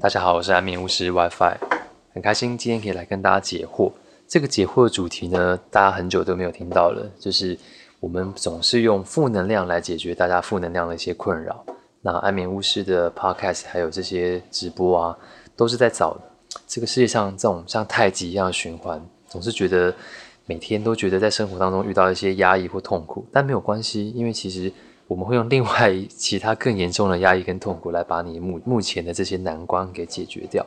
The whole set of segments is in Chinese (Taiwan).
大家好，我是安眠巫師 WiFi，很開心今天可以來跟大家解惑。這個解惑的主題呢，大家很久都沒有聽到了，就是我們總是用負能量來解決大家負能量的一些困擾。那安眠巫師的 podcast，還有這些直播啊，都是在找這個世界上這種像太極一樣的循環。總是覺得每天都覺得在生活當中遇到一些壓抑或痛苦，但沒有關係，因為其實我們會用另外其他更嚴重的壓抑跟痛苦來把你目目前的這些難關給解決掉。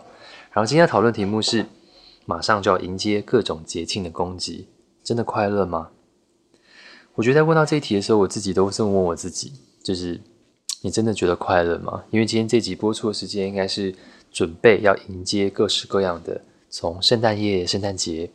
然後今天的討論題目是馬上就要迎接各種節慶的攻擊，真的快樂嗎？我覺得在問到這一題的時候，我自己都這麼問我自己，就是。你真的覺得快樂嗎？因為今天這集播出的時間，應該是準備要迎接各式各樣的，從聖誕夜、聖誕節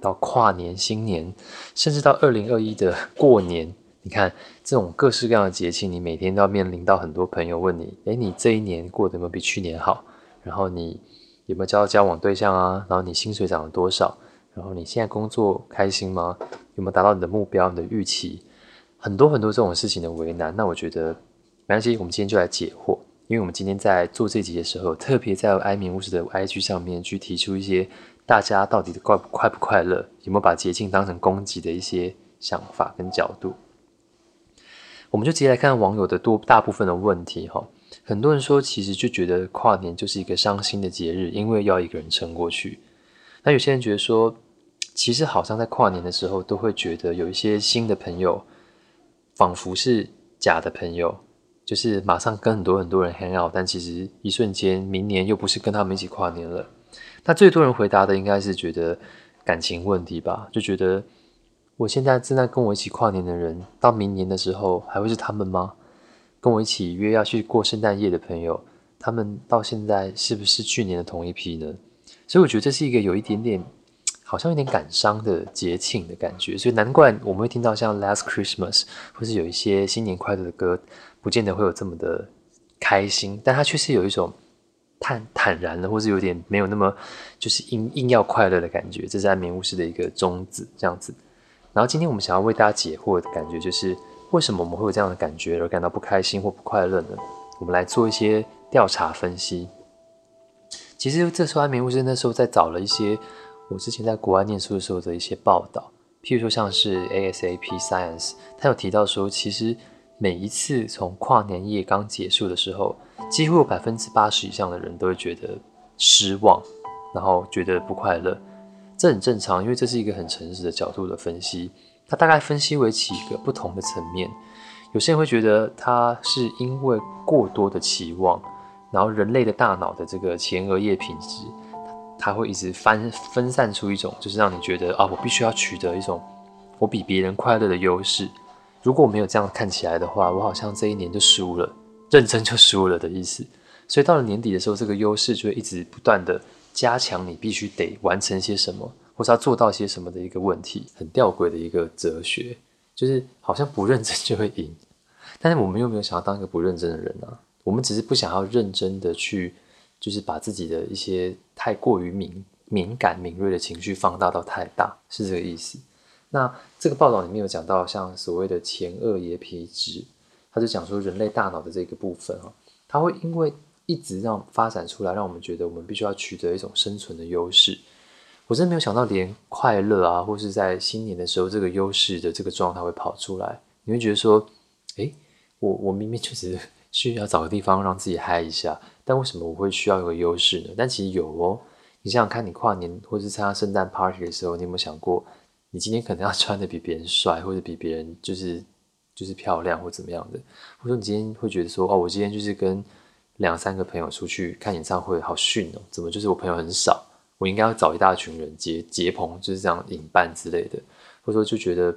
到跨年、新年，甚至到二零二一的過年。你看，這種各式各樣的節慶，你每天都要面臨到很多朋友問你，誒，你這一年過得有沒有比去年好？然後你有沒有交到交往對象啊？然後你薪水漲了多少？然後你現在工作開心嗎？有沒有達到你的目標、你的預期？很多很多這種事情的為難，那我覺得。沒關係，我們今天就來解惑。因為我們今天在做這集的時候，特別在安眠巫師的 IG 上面去提出一些大家到底快不快不快樂，有沒有把節慶當成攻擊的一些想法跟角度。我們就直接來看網友的多大部分的問題哈。很多人說，其實就覺得跨年就是一個傷心的節日，因為要一個人撐過去。那有些人覺得說，其實好像在跨年的時候，都會覺得有一些新的朋友，仿佛是假的朋友。就是馬上跟很多很多人 hang out，但其實一瞬間，明年又不是跟他們一起跨年了。那最多人回答的應該是覺得感情問題吧，就覺得我現在正在跟我一起跨年的人，到明年的時候還會是他們嗎？跟我一起約要去過聖誕夜的朋友，他們到現在是不是去年的同一批呢？所以我覺得這是一個有一點點，好像有點感傷的節慶的感覺。所以難怪我們會聽到像 Last Christmas 或是有一些新年快樂的歌。不見得會有這麼的開心，但他確實有一種坦坦然的，或是有點沒有那麼就是硬硬要快樂的感覺，這是安眠巫師的一個宗旨，這樣子。然後今天我們想要為大家解惑的感覺，就是為什麼我們會有這樣的感覺而感到不開心或不快樂呢？我們來做一些調查分析。其實這時候，安眠巫師那時候在找了一些我之前在國外念書的時候的一些報道，譬如說像是 ASAP Science，他有提到說，其實。每一次從跨年夜剛結束的時候，幾乎有百分之八十以上的人都會覺得失望，然後覺得不快樂。這很正常，因為這是一個很誠實的角度的分析。它大概分析為幾個不同的層面。有些人會覺得它是因為過多的期望，然後人類的大腦的這個前額葉皮質，它會一直分分散出一種，就是讓你覺得啊，我必須要取得一種我比別人快樂的優勢。如果我沒有這樣看起來的話，我好像這一年就輸了，認真就輸了的意思。所以到了年底的時候，這個優勢就會一直不斷的加強。你必須得完成些什麼，或者要做到些什麼的一個問題，很弔詭的一個哲學，就是好像不認真就會贏。但是我們又沒有想要當一個不認真的人啊，我們只是不想要認真的去，就是把自己的一些太過於敏敏感、敏銳的情緒放大到太大，是這個意思。那這個報道裡面有講到，像所謂的前額葉皮質，他就講說，人類大腦的這個部分啊，它會因為一直讓發展出來，讓我們覺得我們必須要取得一種生存的優勢。我真的沒有想到，連快樂啊，或是在新年的時候這個優勢的這個狀態會跑出來。你會覺得說，誒，我我明明確實需要找個地方讓自己嗨一下，但為什麼我會需要有個優勢呢？但其實有哦，你想想看，你跨年或是參加聖誕 party 的時候，你有沒有想過？你今天可能要穿得比別人帥，或者比別人就是就是漂亮，或怎麼樣的。或者你今天會覺得說，哦，我今天就是跟兩三個朋友出去看演唱會，好遜哦，怎麼就是我朋友很少，我應該要找一大群人結結朋，就是這樣引伴之類的。或者說就覺得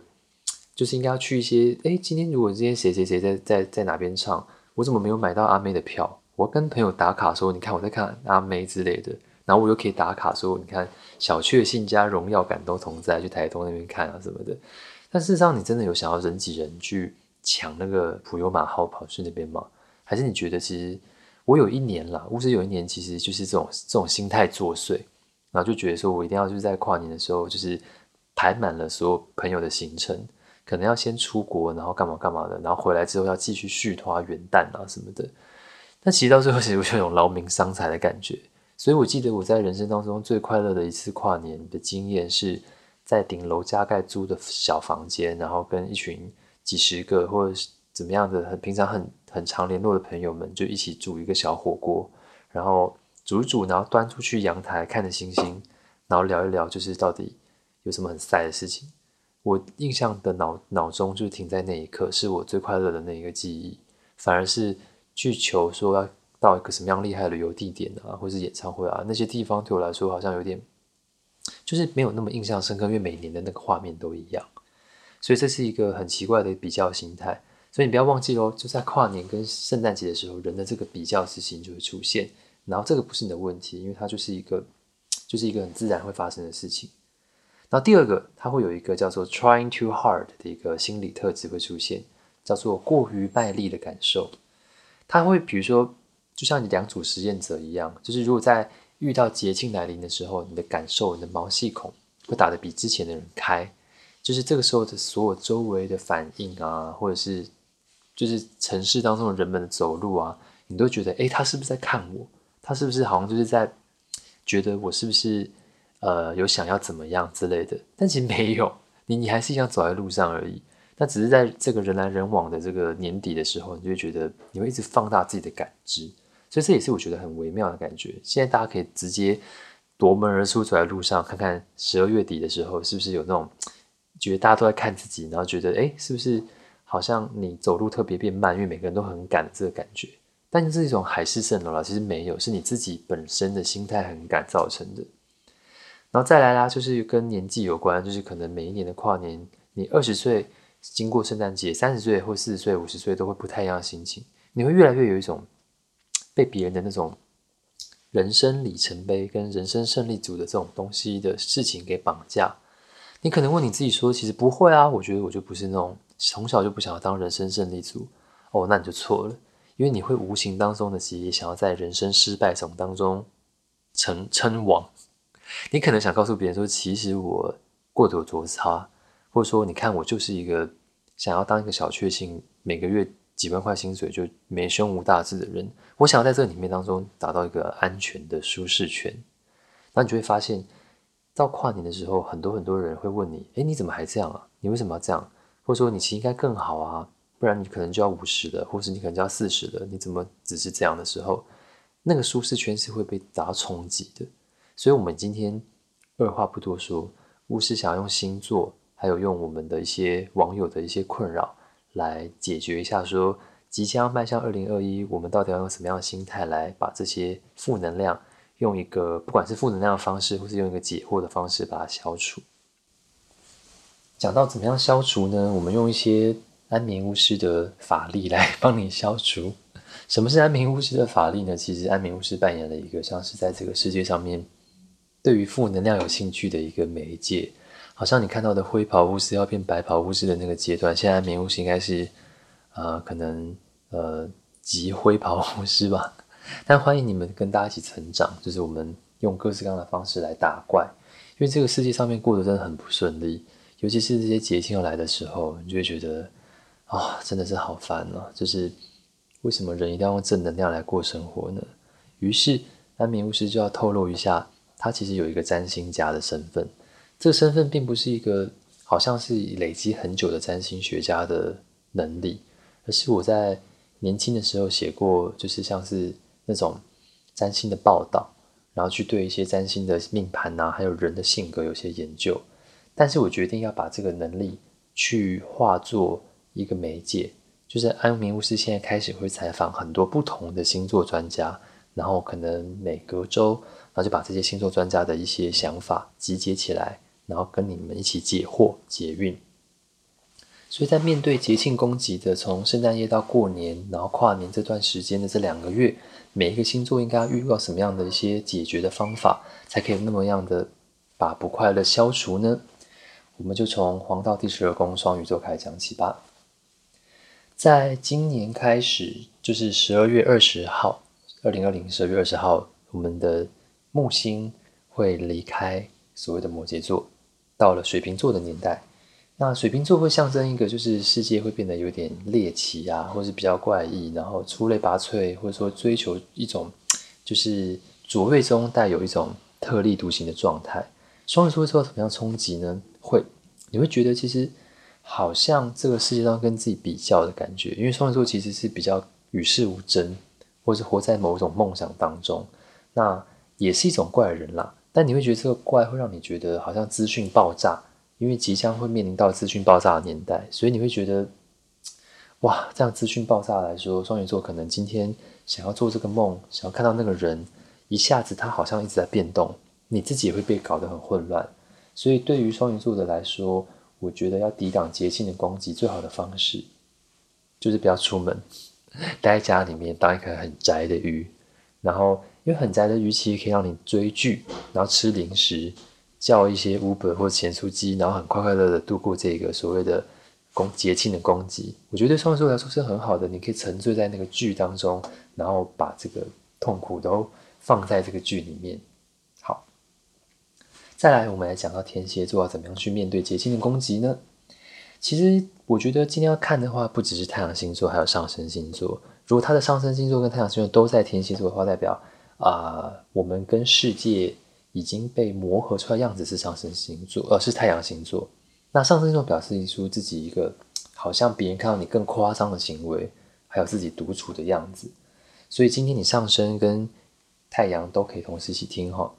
就是應該要去一些，誒、欸，今天如果今天誰誰誰在在在哪邊唱，我怎麼沒有買到阿妹的票？我跟朋友打卡說，你看我在看阿妹之類的。然後我又可以打卡說，你看小，小確幸加榮耀感都同在，去台東那邊看啊什麼的。但事實上，你真的有想要人擠人去搶那個普悠瑪號跑去那邊嗎？還是你覺得其實我有一年啦，巫師有一年其實就是這種這種心態作祟，然後就覺得說我一定要就是在跨年的時候就是排滿了所有朋友的行程，可能要先出國，然後幹嘛幹嘛的，然後回來之後要繼續續拖元旦啊什麼的。但其實到最後，其實我有種勞民傷財的感覺。所以，我記得我在人生當中最快樂的一次跨年的經驗，是在頂樓加蓋租的小房間，然後跟一群幾十個或者是怎麼樣的很平常很、很常聯絡的朋友們，就一起煮一個小火鍋，然後煮一煮，然後端出去陽台看着星星，然後聊一聊，就是到底有什麼很衰的事情。我印象的腦腦中就停在那一刻，是我最快樂的那一個記憶，反而是去求說要，到一個什麼樣厲害的旅遊地點啊，或是演唱會啊，那些地方對我來說好像有點，就是沒有那麼印象深刻，因為每年的那個畫面都一樣，所以這是一個很奇怪的比較心態。所以你不要忘記哦，就在跨年跟聖誕節的時候，人的這個比較之心就會出現。然後這個不是你的問題，因為它就是一個，就是一個很自然會發生的事情。然後第二個，它會有一個叫做 trying too hard 的一個心理特質會出現，叫做過於賣力的感受。它會比如說。就像你兩組實驗者一樣，就是如果在遇到節慶來臨的時候，你的感受，你的毛細孔會打得比之前的人開，就是這個時候的所有周圍的反應啊，或者是就是城市當中的人們的走路啊，你都覺得，誒、欸，他是不是在看我？他是不是好像就是在覺得我是不是呃有想要怎麼樣之類的？但其實沒有，你你還是一樣走在路上而已。那只是在這個人來人往的這個年底的時候，你就會覺得你會一直放大自己的感知。所以這也是我覺得很微妙的感覺。現在大家可以直接奪門而出走在路上，看看十二月底的時候是不是有那種覺得大家都在看自己，然後覺得誒、欸，是不是好像你走路特別變慢，因為每個人都很趕這個感覺。但是這種一種海市蜃樓了，其實沒有，是你自己本身的心態很趕造成的。然後再來啦，就是跟年紀有關，就是可能每一年的跨年，你二十歲經過聖誕節，三十歲或四十歲、五十歲都會不太一樣的心情，你會越來越有一種。被別人的那種人生里程碑跟人生勝利組的這種東西的事情給綁架，你可能問你自己說：“其實不會啊，我覺得我就不是那種從小就不想要當人生勝利組。”哦，那你就錯了，因為你會無形當中的其實，想要在人生失敗組當中稱稱王。你可能想告訴別人說：“其實我過得有多差，或者說你看我就是一個想要當一個小確幸，每個月。”幾萬塊薪水就沒胸無大志的人，我想要在這裡面當中達到一個安全的舒適圈，那你就會發現到跨年的時候，很多很多人會問你，誒，你怎麼還這樣啊？你為什麼要這樣？或者說你其實應該更好啊？不然你可能就要五十了，或是你可能就要四十了？你怎麼只是這樣的時候，那個舒適圈是會被打到衝擊的。所以，我們今天二話不多說，巫師想要用星座，還有用我們的一些網友的一些困擾。來解決一下說，說即將邁向二零二一，我們到底要用什麼樣的心態來把這些負能量，用一個不管是負能量的方式，或是用一個解惑的方式把它消除。講到怎麼樣消除呢？我們用一些安眠巫師的法力來幫你消除。什麼是安眠巫師的法力呢？其實安眠巫師扮演了一個像是在這個世界上面，對於負能量有興趣的一個媒介。好像你看到的灰袍巫師要變白袍巫師的那個階段，現在安眠巫師應該是，啊、呃，可能呃，急灰袍巫師吧。但歡迎你們跟大家一起成長，就是我們用各式各樣的方式來打怪，因為這個世界上面過得真的很不順利，尤其是這些節慶要來的時候，你就會覺得啊、哦，真的是好煩哦。就是為什麼人一定要用正能量來過生活呢？於是，安眠巫師就要透露一下，他其實有一個占星家的身份。這個身份並不是一個好像是累積很久的占星學家的能力，而是我在年輕的時候寫過，就是像是那種占星的報道，然後去對一些占星的命盤吶、啊，還有人的性格有些研究。但是我決定要把這個能力去化作一個媒介，就是安眠巫師現在開始會採訪很多不同的星座專家，然後可能每隔周，然後就把這些星座專家的一些想法集結起來。然後跟你們一起解惑解運，所以在面對節慶攻擊的，從聖誕夜到過年，然後跨年這段時間的這兩個月，每一個星座應該要遇到什麼樣的一些解決的方法，才可以那麼樣的把不快樂消除呢？我們就從黃道第十二宮雙魚座開始講起吧。在今年開始，就是十二月二十號，二零二零十二月二十號，我們的木星會離開所謂的摩羯座。到了水瓶座的年代，那水瓶座會象徵一個，就是世界會變得有點獵奇啊，或是比較怪異，然後出類拔萃，或者說追求一種，就是卓越中帶有一種特立獨行的狀態。雙魚座會受到什麼樣衝擊呢？會，你會覺得其實好像這個世界上跟自己比較的感覺，因為雙魚座其實是比較與世無爭，或是活在某種夢想當中，那也是一種怪人啦。但你會覺得這個怪會讓你覺得好像資訊爆炸，因為即將會面臨到資訊爆炸的年代，所以你會覺得，哇，這樣資訊爆炸來說，雙魚座可能今天想要做這個夢，想要看到那個人，一下子他好像一直在變動，你自己也會被搞得很混亂。所以對於雙魚座的來說，我覺得要抵擋節慶的攻擊，最好的方式就是不要出門，待在家裡面當一個很宅的魚，然後。因為很宅的魚其實可以讓你追劇，然後吃零食，叫一些 Uber 或鹹酥雞，然後很快快樂樂地度過這個所謂的節慶的攻擊。我覺得對雙魚座來說是很好的，你可以沉醉在那個劇當中，然後把這個痛苦都放在這個劇裡面。好，再來我們來講到天蠍座要怎麼樣去面對節慶的攻擊呢？其實我覺得今天要看的話，不只是太陽星座，還有上升星座。如果他的上升星座跟太陽星座都在天蠍座的話，代表啊、呃，我們跟世界已經被磨合出來的樣子是上升星座，呃，是太陽星座。那上升星座表示出自己一個好像別人看到你更誇張的行為，還有自己獨處的樣子。所以今天你上升跟太陽都可以同時去聽哈。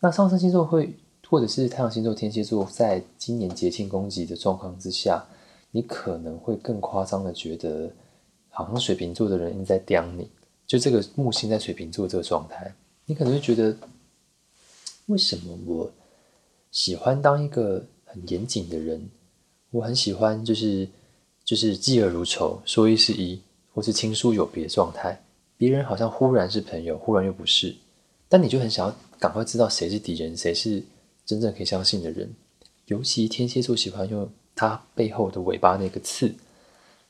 那上升星座會，或者是太陽星座天蠍座，在今年節慶攻擊的狀況之下，你可能會更誇張的覺得，好像水瓶座的人一直在刁你。就這個木星在水瓶座這個狀態，你可能會覺得，為什麼我喜歡當一個很嚴謹的人？我很喜歡、就是，就是就是嫉惡如仇，說一是一，或是親疏有別狀態。別人好像忽然是朋友，忽然又不是。但你就很想要趕快知道誰是敵人，誰是真正可以相信的人。尤其天蠍座喜歡用他背後的尾巴那個刺，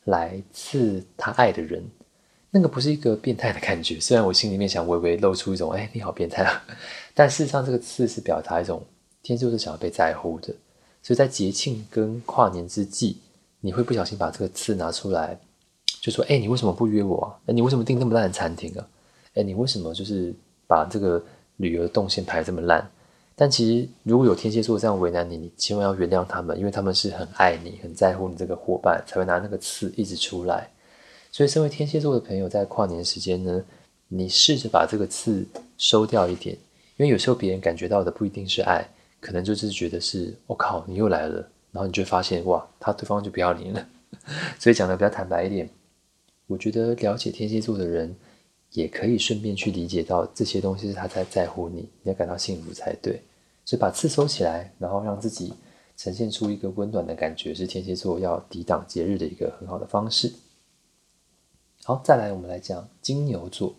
來刺他愛的人。那個不是一個變態的感覺，雖然我心裡面想微微露出一種，哎，你好變態啊！但事實上，這個刺是表達一種天蠍座是想要被在乎的。所以在節慶跟跨年之際，你會不小心把這個刺拿出來，就說，哎，你為什麼不約我啊？哎，你為什麼訂那麼爛的餐廳啊？哎，你為什麼就是把這個旅遊的動線排這麼爛？但其實，如果有天蠍座這樣為難你，你千萬要原諒他們，因為他們是很愛你、很在乎你這個夥伴，才會拿那個刺一直出來。所以，身為天蠍座的朋友，在跨年時間呢，你試着把這個刺收掉一點，因為有時候別人感覺到的不一定是愛，可能就只是覺得是“我靠，你又來了”，然後你就會發現哇，他對方就不要你了。所以講的比較坦白一點，我覺得了解天蠍座的人，也可以順便去理解到這些東西是他在在乎你，你要感到幸福才對。所以把刺收起來，然後讓自己呈現出一個溫暖的感覺，是天蠍座要抵擋節日的一個很好的方式。好，再來，我們來講金牛座。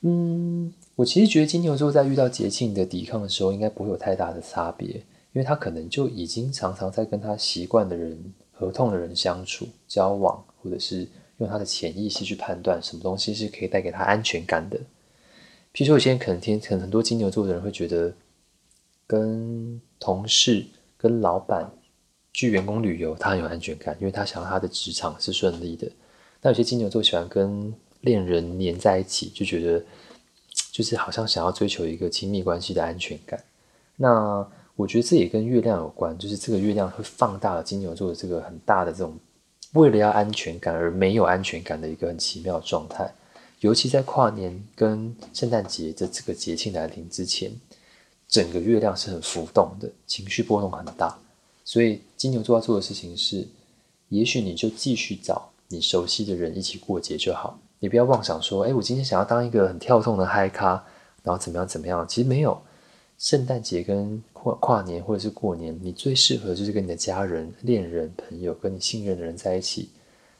嗯，我其實覺得金牛座在遇到節慶的抵抗的時候，應該不會有太大的差別，因為他可能就已經常常在跟他習慣的人、合同的人相處、交往，或者是用他的潛意識去判斷什麼東西是可以帶給他安全感的。譬如說，有些人可能聽很多金牛座的人會覺得，跟同事、跟老闆去員工旅遊，他很有安全感，因為他想要他的職場是順利的。那有些金牛座喜歡跟戀人黏在一起，就覺得就是好像想要追求一個親密關係的安全感。那我覺得這也跟月亮有關，就是這個月亮會放大了金牛座的這個很大的這種為了要安全感而沒有安全感的一個很奇妙的狀態。尤其在跨年跟聖誕節的這個節慶來臨之前，整個月亮是很浮動的，情緒波動很大。所以金牛座要做的事情是，也許你就繼續找。你熟悉的人一起過節就好，你不要妄想說，哎，我今天想要當一個很跳動的嗨咖，然後怎麼樣怎麼樣？其實沒有，聖誕節跟跨跨年或者是過年，你最適合的就是跟你的家人、戀人、朋友，跟你信任的人在一起，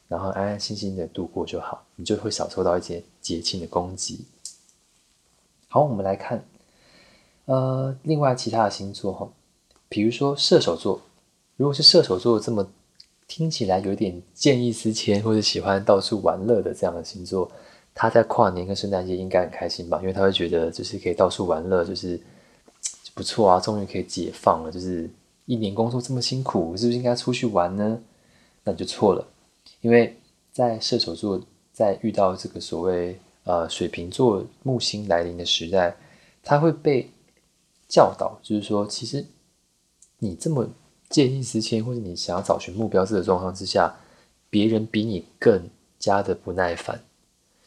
然後安安心心的度過就好，你就會少受到一些節慶的攻擊。好，我們來看，呃，另外其他的星座哈、哦，比如說射手座，如果是射手座這麼。聽起來有點見異思遷，或者喜歡到處玩樂的這樣的星座，他在跨年跟聖誕節應該很開心吧？因為他會覺得就是可以到處玩樂，就是就不錯啊，終於可以解放了。就是一年工作這麼辛苦，是不是應該出去玩呢？那你就錯了，因為在射手座在遇到這個所謂呃、水瓶座木星來臨的時代，他會被教導，就是說其實你這麼見異思遷，或者你想要找尋目標這個狀況之下，別人比你更加的不耐煩，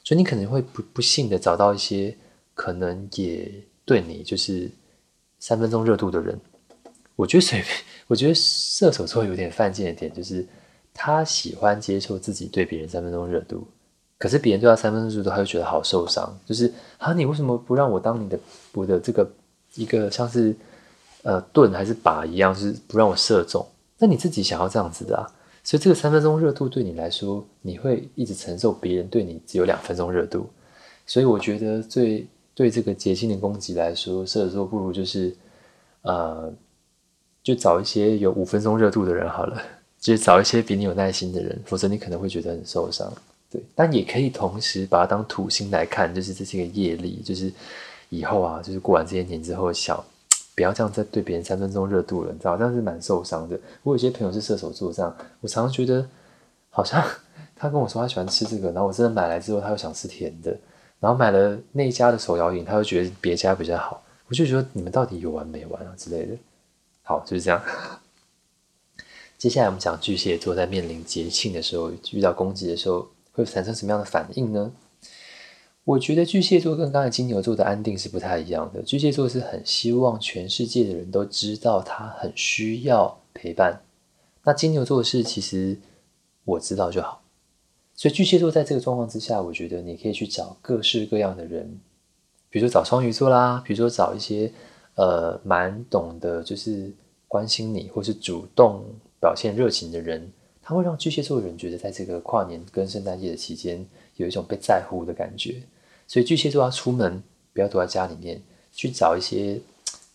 所以你可能會不不幸的找到一些可能也對你就是三分鐘熱度的人。我覺得水，我覺得射手座有點犯賤的點就是，他喜歡接受自己對別人三分鐘熱度，可是別人對他三分鐘熱度，他就覺得好受傷，就是，啊，你為什麼不讓我當你的我的這個一個像是？呃，盾，還是靶一樣，就是不讓我射中。那你自己想要這樣子的啊。所以這個三分鐘熱度對你來說，你會一直承受別人對你只有兩分鐘熱度。所以我覺得最對，對這個節慶的攻擊來說，射手不如就是呃，就找一些有五分鐘熱度的人好了，就是找一些比你有耐心的人，否則你可能會覺得很受傷。對，但也可以同時把它當土星來看，就是這是一個業力，就是以後啊，就是過完這些年之後想。不要這樣再對別人三分鐘熱度了，你知道這樣是蠻受傷的。我有些朋友是射手座，這樣我常常覺得好像他跟我說他喜歡吃這個，然後我真的買來之後他又想吃甜的，然後買了那一家的手搖飲，他又覺得別家比較好，我就覺得你們到底有完沒完啊之類的。好，就是這樣。接下來我們講巨蟹座在面臨節慶的時候遇到攻擊的時候會產生什麼樣的反應呢？我覺得巨蟹座跟剛才金牛座的安定是不太一樣的。巨蟹座是很希望全世界的人都知道他很需要陪伴，那金牛座的是其實我知道就好。所以巨蟹座在這個狀況之下，我覺得你可以去找各式各樣的人，比如說找雙魚座啦，比如說找一些呃蠻懂得就是關心你或是主動表現熱情的人，他會讓巨蟹座的人覺得在這個跨年跟聖誕節的期間有一種被在乎的感覺。所以巨蟹座要出門，不要躲在家裡面，去找一些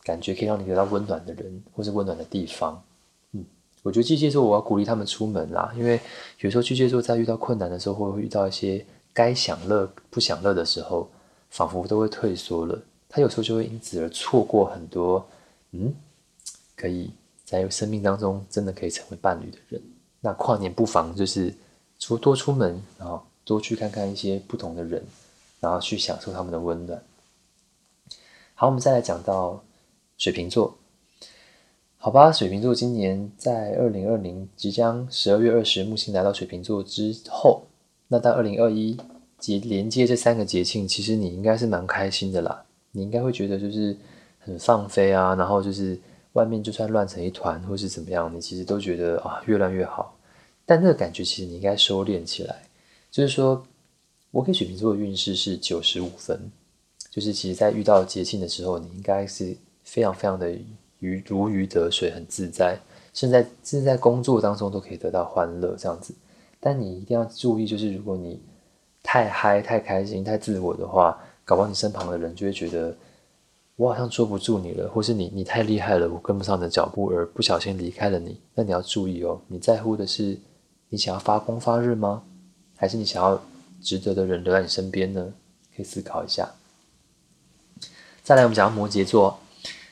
感覺可以讓你得到溫暖的人，或是溫暖的地方。嗯，我覺得巨蟹座我要鼓勵他們出門啦，因為有時候巨蟹座在遇到困難的時候，或遇到一些該享樂不享樂的時候，仿佛都會退縮了。他有時候就會因此而錯過很多，嗯，可以在生命當中真的可以成為伴侶的人。那跨年不妨就是出多出門，然後多去看看一些不同的人。然後去享受他們的溫暖。好，我們再來講到水瓶座，好吧？水瓶座今年在二零二零即將十二月二十日，木星來到水瓶座之後，那到二零二一節連接這三個節慶，其實你應該是蠻開心的啦。你應該會覺得就是很放飛啊，然後就是外面就算亂成一團或是怎麼樣，你其實都覺得啊越亂越好。但這個感覺其實你應該收斂起來，就是說。我給水瓶座的運勢是九十五分，就是其實，在遇到節慶的時候，你應該是非常非常的魚如魚得水，很自在，甚至在工作當中都可以得到歡樂這樣子。但你一定要注意，就是如果你太嗨、太開心、太自我的話，搞到你身旁的人就會覺得我好像捉不住你了，或是你你太厲害了，我跟不上你的腳步，而不小心離開了你。那你要注意哦，你在乎的是你想要發光發熱嗎？還是你想要？值得的人留在你身邊呢？可以思考一下。再來，我們講摩羯座，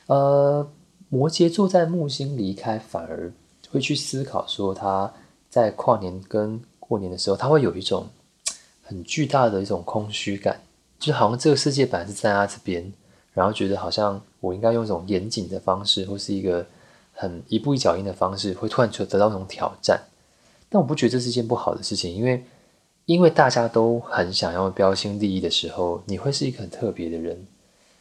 呃，摩羯座在木星離開，反而會去思考說，他在跨年跟過年的時候，他會有一種很巨大的一種空虛感，就好像這個世界本來是在他這邊，然後覺得好像我應該用一種嚴謹的方式，或是一個很一步一腳印的方式，會突然覺得，得到一種挑戰。但我不覺得這是一件不好的事情，因為。因為大家都很想要標新立異的時候，你會是一個很特別的人，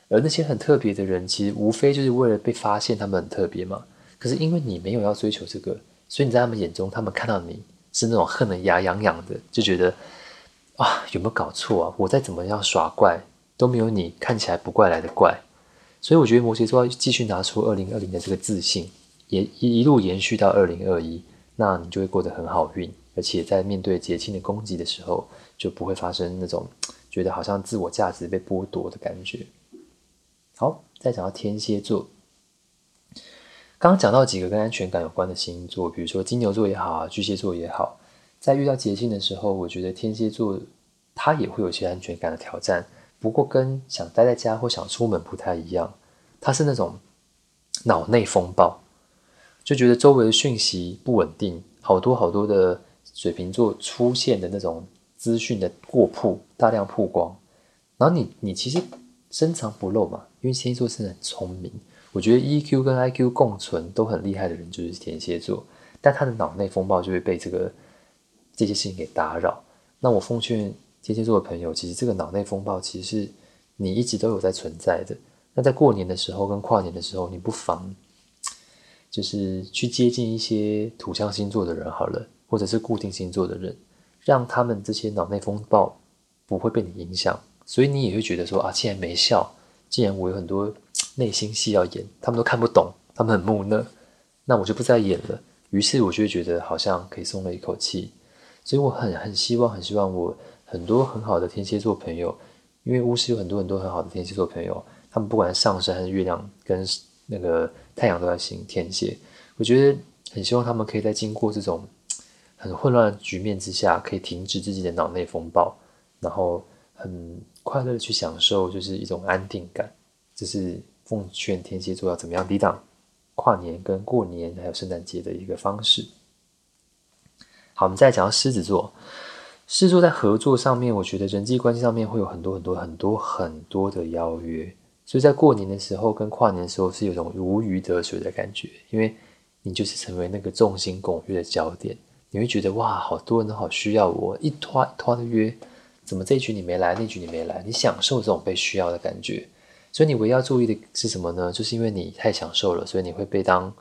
而那些很特別的人，其實無非就是為了被發現他們很特別嘛。可是因為你沒有要追求這個，所以你在他們眼中，他們看到你是那種恨得牙癢癢的，就覺得啊，有沒有搞錯啊？我再怎麼樣耍怪都沒有你看起來不怪來的怪。所以我覺得摩羯座要繼續拿出二零二零的這個自信，也一一路延續到二零二一，那你就會過得很好運。而且在面對節慶的攻擊的時候，就不會發生那種覺得好像自我價值被剝奪的感覺。好，再講到天蠍座，剛剛講到幾個跟安全感有關的星座，比如說金牛座也好，啊，巨蟹座也好，在遇到節慶的時候，我覺得天蠍座他也會有些安全感的挑戰，不過跟想待在家或想出門不太一樣，他是那種腦內風暴，就覺得周圍的訊息不穩定，好多好多的。水瓶座出現的那種資訊的過曝、大量曝光，然後你你其實深藏不露嘛，因為天蠍座是很聰明。我覺得 EQ 跟 IQ 共存都很厲害的人就是天蠍座，但他的腦內風暴就會被這個這些事情給打擾。那我奉勸天蠍座的朋友，其實這個腦內風暴其實是你一直都有在存在的。那在過年的時候跟跨年的時候，你不妨就是去接近一些土象星座的人好了。或者是固定星座的人，讓他們這些腦內風暴不會被你影響，所以你也會覺得說啊，既然沒笑，既然我有很多內心戲要演，他們都看不懂，他們很木訥，那我就不再演了。於是我就覺得好像可以鬆了一口氣。所以我很很希望，很希望我很多很好的天蠍座朋友，因為巫師有很多很多很好的天蠍座朋友，他們不管是上升還是月亮跟那個太陽都在行天蠍，我覺得很希望他們可以在經過這種。很混亂的局面之下，可以停止自己的腦內風暴，然後很快樂的去享受，就是一種安定感。這是奉勸天蠍座要怎麼樣抵擋跨年，跟過年還有聖誕節的一個方式。好，我們再來講到獅子座，獅子座在合作上面，我覺得人際關係上面會有很多很多很多很多的邀約，所以在過年的時候跟跨年的時候是有一種如魚得水的感覺，因為你就是成為那個眾星拱月的焦點。你會覺得哇，好多人都好需要我，一拖一拖的約，怎麼這一局你沒來，那一局你沒來？你享受這種被需要的感覺，所以你唯一要注意的是什麼呢？就是因為你太享受了，所以你會被當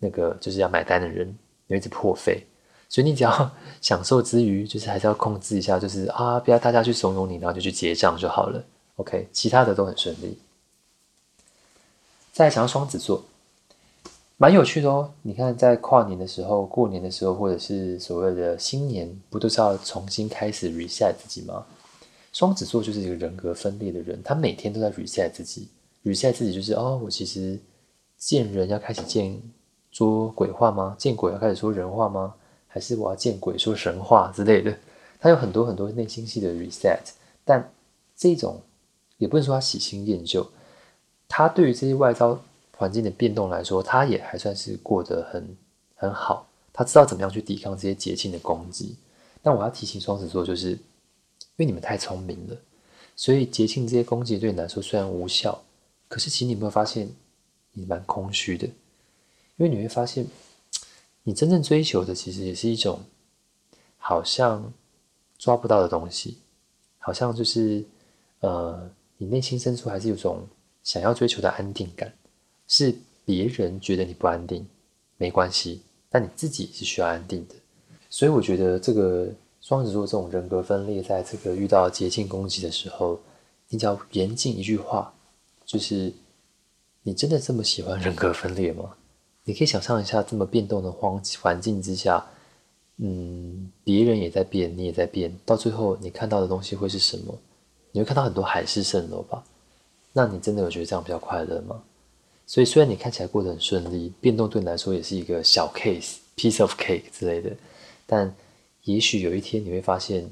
那個就是要買單的人，你會一直破費。所以你只要享受之餘，就是還是要控制一下，就是啊不要大家去慫恿你，然後就去結賬就好了。OK，其他的都很順利。再來講雙子座。蠻有趣的哦，你看，在跨年的時候、過年的時候，或者是所謂的新年，不都是要重新開始 reset 自己嗎？雙子座就是一個人格分裂的人，他每天都在 reset 自己，reset 自己就是哦，我其實見人要開始見說鬼話嗎？見鬼要開始說人話嗎？還是我要見鬼說神話之類的？他有很多很多內心戲的 reset，但這種也不能說他喜新厭舊，他對於這些外招。環境的變動來說，他也還算是過得很很好。他知道怎麼樣去抵抗這些節慶的攻擊。但我要提醒雙子座，就是因為你們太聰明了，所以節慶這些攻擊對你來說雖然無效，可是其實你有沒有發現，你蠻空虛的？因為你會發現，你真正追求的其實也是一種好像抓不到的東西，好像就是呃，你內心深處還是有種想要追求的安定感。是別人覺得你不安定，沒關係，但你自己是需要安定的。所以我覺得這個雙子座這種人格分裂，在這個遇到節慶攻擊的時候，你只要嚴禁一句話，就是你真的這麼喜歡人格分裂嗎？人格分裂。你可以想象一下，這麼變動的荒環境之下，嗯，別人也在變，你也在變，到最後你看到的東西會是什麼？你會看到很多海市蜃樓吧？那你真的有覺得這樣比較快樂嗎？所以，雖然你看起來過得很順利，變動對你來說也是一個小 case，piece of cake 之類的，但也許有一天你會發現，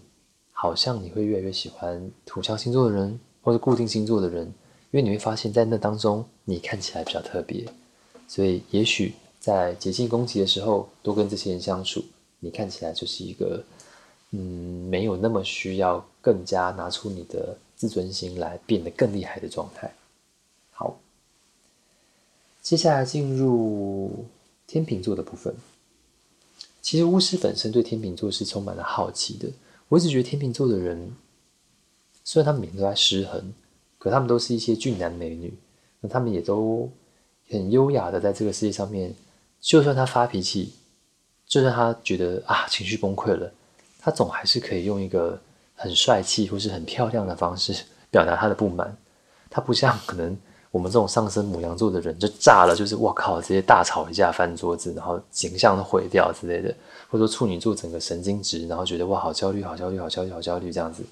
好像你會越來越喜歡土象星座的人，或者固定星座的人，因為你會發現在那當中你看起來比較特別。所以，也許在節慶攻擊的時候，多跟這些人相處，你看起來就是一個，嗯，沒有那麼需要更加拿出你的自尊心來變得更厲害的狀態。接下來進入天秤座的部分。其實巫師本身對天秤座是充滿了好奇的。我一直覺得天秤座的人，雖然他們每天都在失衡，可他們都是一些俊男美女。那他們也都很優雅的在這個世界上面。就算他發脾氣，就算他覺得啊情緒崩潰了，他總還是可以用一個很帥氣或是很漂亮的方式表達他的不滿。他不像可能。我們這種上升牡羊座的人就炸了，就是我靠，直接大吵一架，翻桌子，然後形象都毀掉之類的，或者說處女座整個神經質，然後覺得哇，好焦慮，好焦慮，好焦慮，好焦慮這樣子。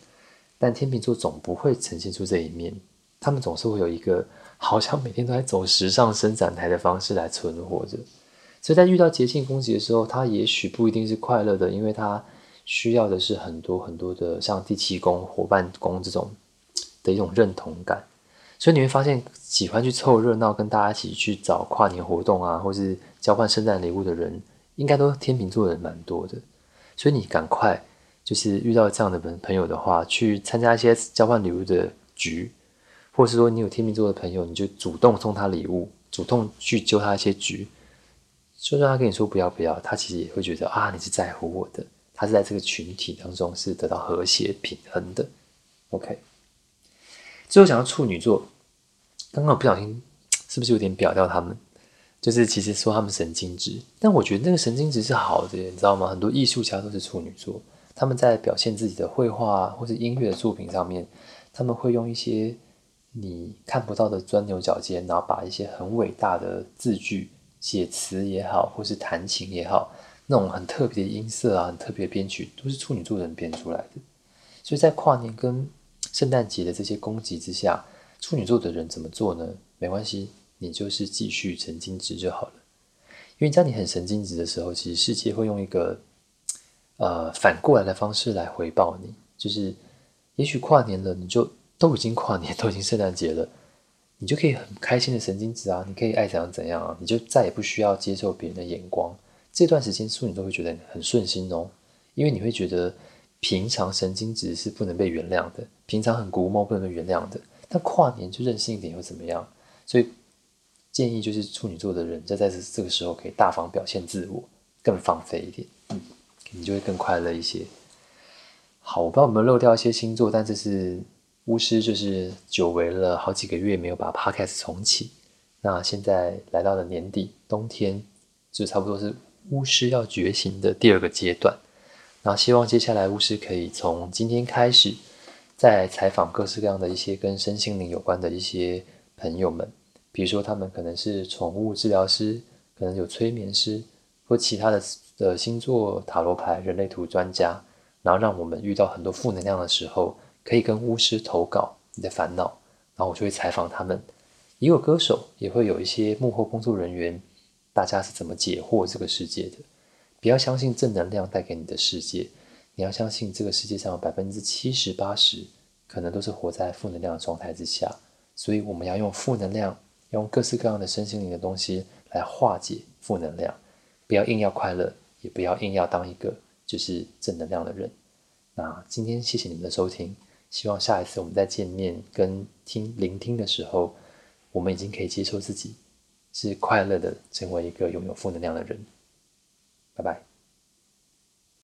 但天秤座總不會呈現出這一面，他們總是會有一個好像每天都在走時尚伸展台的方式來存活着。所以在遇到節慶攻擊的時候，他也許不一定是快樂的，因為他需要的是很多很多的像第七宮、夥伴宮這種的一種認同感。所以你會發現，喜歡去湊熱鬧、跟大家一起去找跨年活動啊，或是交換聖誕禮物的人，應該都天秤座的人蠻多的。所以你趕快，就是遇到這樣的朋朋友的話，去參加一些交換禮物的局，或是說你有天秤座的朋友，你就主動送他禮物，主動去揪他一些局。就算他跟你說不要不要，他其實也會覺得啊，你是在乎我的，他是在這個群體當中是得到和諧平衡的。OK。最後講到處女座，剛剛我不小心是不是有點表掉他們？就是其實說他們神經質，但我覺得那個神經質是好的，你知道嗎？很多藝術家都是處女座，他們在表現自己的繪畫、啊、或是音樂的作品上面，他們會用一些你看不到的鑽牛角尖，然後把一些很偉大的字句寫詞也好，或是彈琴也好，那種很特別的音色啊，很特別的編曲，都是處女座人編出來的。所以在跨年跟聖誕節的這些攻擊之下，處女座的人怎麼做呢？沒關係，你就是繼續神經質就好了。因為在你很神經質的時候，其實世界會用一個呃反過來的方式來回報你，就是也許跨年了，你就都已經跨年，都已經聖誕節了，你就可以很開心的神經質啊，你可以愛怎樣怎樣啊，你就再也不需要接受別人的眼光。這段時間處女座會覺得很順心哦，因為你會覺得。平常神經質是不能被原諒的，平常很龜毛不能被原諒的，但跨年就任性一點又怎麼樣？所以建議就是處女座的人在在這這個時候可以大方表現自我，更放飛一點，嗯，你就會更快樂一些。好，我不知道有沒有漏掉一些星座，但這是巫師，就是久違了好幾個月沒有把 Podcast 重啟，那現在來到了年底，冬天就差不多是巫師要覺醒的第二個階段。然後希望接下來巫師可以從今天開始，再來採訪各式各樣的一些跟身心靈有關的一些朋友們，比如說他們可能是寵物治療師，可能有催眠師或其他的的星座、塔羅牌、人類圖專家。然後讓我們遇到很多負能量的時候，可以跟巫師投稿你的煩惱，然後我就會採訪他們。也有歌手，也會有一些幕後工作人員，大家是怎麼解惑這個世界的。不要相信正能量帶給你的世界，你要相信這個世界上有百分之七十八十可能都是活在負能量的狀態之下。所以我們要用負能量，用各式各樣的身心靈的東西來化解負能量。不要硬要快樂，也不要硬要當一個就是正能量的人。那今天謝謝你們的收聽，希望下一次我們再見面跟聽聆聽的時候，我們已經可以接受自己是快樂的，成為一個擁有負能量的人。拜拜。